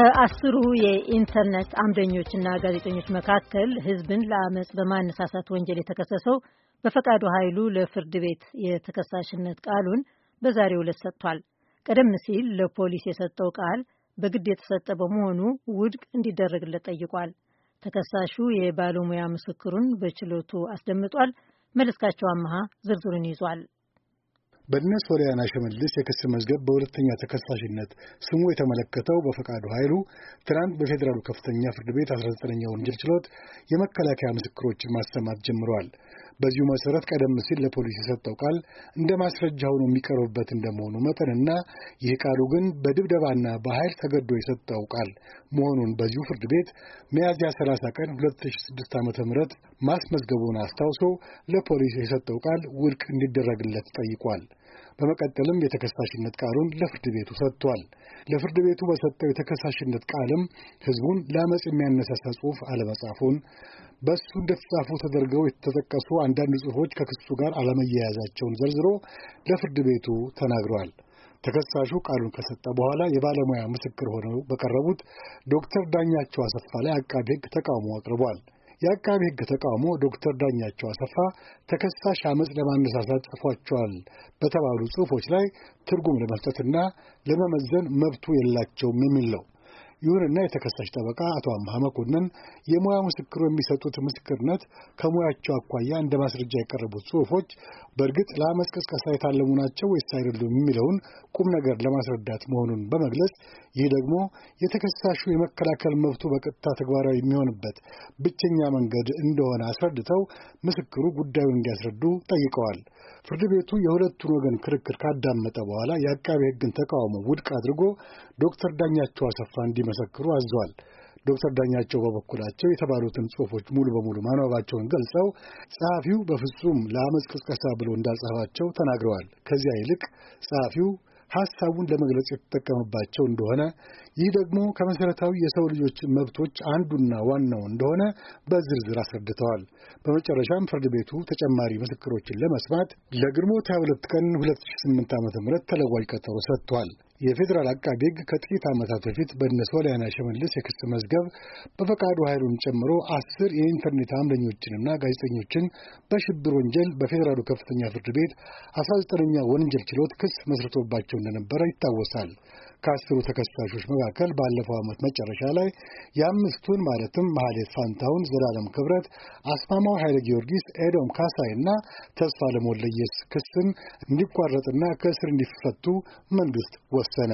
ከአስሩ የኢንተርኔት አምደኞችና ጋዜጠኞች መካከል ህዝብን ለአመፅ በማነሳሳት ወንጀል የተከሰሰው በፈቃዱ ኃይሉ ለፍርድ ቤት የተከሳሽነት ቃሉን በዛሬው ዕለት ሰጥቷል። ቀደም ሲል ለፖሊስ የሰጠው ቃል በግድ የተሰጠ በመሆኑ ውድቅ እንዲደረግለት ጠይቋል። ተከሳሹ የባለሙያ ምስክሩን በችሎቱ አስደምጧል። መለስካቸው አመሃ ዝርዝሩን ይዟል። በእነ ሶሊያና ሽመልስ የክስ መዝገብ በሁለተኛ ተከሳሽነት ስሙ የተመለከተው በፈቃዱ ኃይሉ ትናንት በፌዴራሉ ከፍተኛ ፍርድ ቤት 19ኛ ወንጀል ችሎት የመከላከያ ምስክሮችን ማሰማት ጀምረዋል። በዚሁ መሰረት ቀደም ሲል ለፖሊስ የሰጠው ቃል እንደ ማስረጃ ሆኖ የሚቀርብበት እንደመሆኑ መጠንና ይህ ቃሉ ግን በድብደባና በኃይል ተገዶ የሰጠው ቃል መሆኑን በዚሁ ፍርድ ቤት ሚያዝያ 30 ቀን 2006 ዓ ም ማስመዝገቡን አስታውሶ ለፖሊስ የሰጠው ቃል ውድቅ እንዲደረግለት ጠይቋል። በመቀጠልም የተከሳሽነት ቃሉን ለፍርድ ቤቱ ሰጥቷል። ለፍርድ ቤቱ በሰጠው የተከሳሽነት ቃልም ህዝቡን ለአመፅ የሚያነሳሳ ጽሑፍ አለመጻፉን፣ በእሱ እንደተጻፉ ተደርገው የተጠቀሱ አንዳንድ ጽሑፎች ከክሱ ጋር አለመያያዛቸውን ዘርዝሮ ለፍርድ ቤቱ ተናግሯል። ተከሳሹ ቃሉን ከሰጠ በኋላ የባለሙያ ምስክር ሆነው በቀረቡት ዶክተር ዳኛቸው አሰፋ ላይ አቃቤ ሕግ ተቃውሞ አቅርቧል። የአቃቢ ሕግ ተቃውሞ ዶክተር ዳኛቸው አሰፋ ተከሳሽ አመፅ ለማነሳሳት ጽፏቸዋል በተባሉ ጽሁፎች ላይ ትርጉም ለመስጠትና ለመመዘን መብቱ የላቸውም የሚል ነው ይሁንና የተከሳሽ ጠበቃ አቶ አምሃ መኮንን የሙያ ምስክሩ የሚሰጡት ምስክርነት ከሙያቸው አኳያ እንደ ማስረጃ የቀረቡት ጽሁፎች በእርግጥ ለአመፅ ቅስቀሳ የታለሙ ናቸው ወይስ አይደሉም የሚለውን ቁም ነገር ለማስረዳት መሆኑን በመግለጽ ይህ ደግሞ የተከሳሹ የመከላከል መብቱ በቀጥታ ተግባራዊ የሚሆንበት ብቸኛ መንገድ እንደሆነ አስረድተው ምስክሩ ጉዳዩን እንዲያስረዱ ጠይቀዋል። ፍርድ ቤቱ የሁለቱን ወገን ክርክር ካዳመጠ በኋላ የአቃቤ ሕግን ተቃውሞ ውድቅ አድርጎ ዶክተር ዳኛቸው አሰፋ እንዲ እንዲመሰክሩ አዟል። ዶክተር ዳኛቸው በበኩላቸው የተባሉትን ጽሁፎች ሙሉ በሙሉ ማንበባቸውን ገልጸው ጸሐፊው በፍጹም ለአመፅ ቅስቀሳ ብሎ እንዳልጻፋቸው ተናግረዋል። ከዚያ ይልቅ ጸሐፊው ሐሳቡን ለመግለጽ የተጠቀመባቸው እንደሆነ ይህ ደግሞ ከመሠረታዊ የሰው ልጆች መብቶች አንዱና ዋናው እንደሆነ በዝርዝር አስረድተዋል። በመጨረሻም ፍርድ ቤቱ ተጨማሪ ምስክሮችን ለመስማት ለግንቦት 22 ቀን 2008 ዓ ም ተለዋጭ ቀጠሮ ሰጥቷል። የፌዴራል አቃቢ ሕግ ከጥቂት ዓመታት በፊት በእነ ሶሊያና ሸመልስ የክስ መዝገብ በፈቃዱ ኃይሉን ጨምሮ አስር የኢንተርኔት አምለኞችንና ጋዜጠኞችን በሽብር ወንጀል በፌዴራሉ ከፍተኛ ፍርድ ቤት አስራ ዘጠነኛ ወንጀል ችሎት ክስ መስርቶባቸው እንደነበረ ይታወሳል። ከአስሩ ተከሳሾች መካከል ባለፈው ዓመት መጨረሻ ላይ የአምስቱን ማለትም መሐሌት ፋንታውን፣ ዘላለም ክብረት፣ አስማማው ኃይለ ጊዮርጊስ፣ ኤዶም ካሳይ እና ተስፋለም ወልደየስ ክስን እንዲቋረጥና ከእስር እንዲፈቱ መንግስት ወሰነ።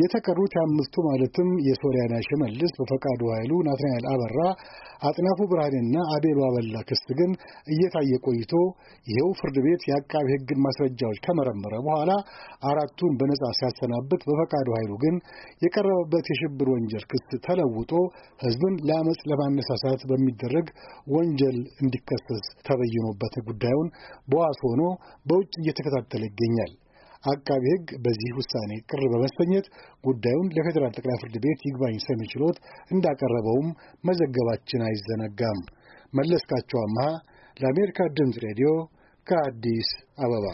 የተቀሩት የአምስቱ ማለትም የሶሊያና ሽመልስ፣ በፈቃዱ ኃይሉ፣ ናትናኤል አበራ፣ አጥናፉ ብርሃኔና አቤሉ አበላ ክስ ግን እየታየ ቆይቶ ይኸው ፍርድ ቤት የአቃቢ ሕግን ማስረጃዎች ከመረመረ በኋላ አራቱን በነጻ ሲያሰናብት፣ በፈቃዱ ኃይሉ ግን የቀረበበት የሽብር ወንጀል ክስ ተለውጦ ሕዝብን ለአመፅ ለማነሳሳት በሚደረግ ወንጀል እንዲከሰስ ተበይኖበት ጉዳዩን በዋስ ሆኖ በውጭ እየተከታተለ ይገኛል። አቃቢ ሕግ በዚህ ውሳኔ ቅር በመሰኘት ጉዳዩን ለፌዴራል ጠቅላይ ፍርድ ቤት ይግባኝ ሰሚ ችሎት እንዳቀረበውም መዘገባችን አይዘነጋም። መለስካቸው አምሃ ለአሜሪካ ድምፅ ሬዲዮ ከአዲስ አበባ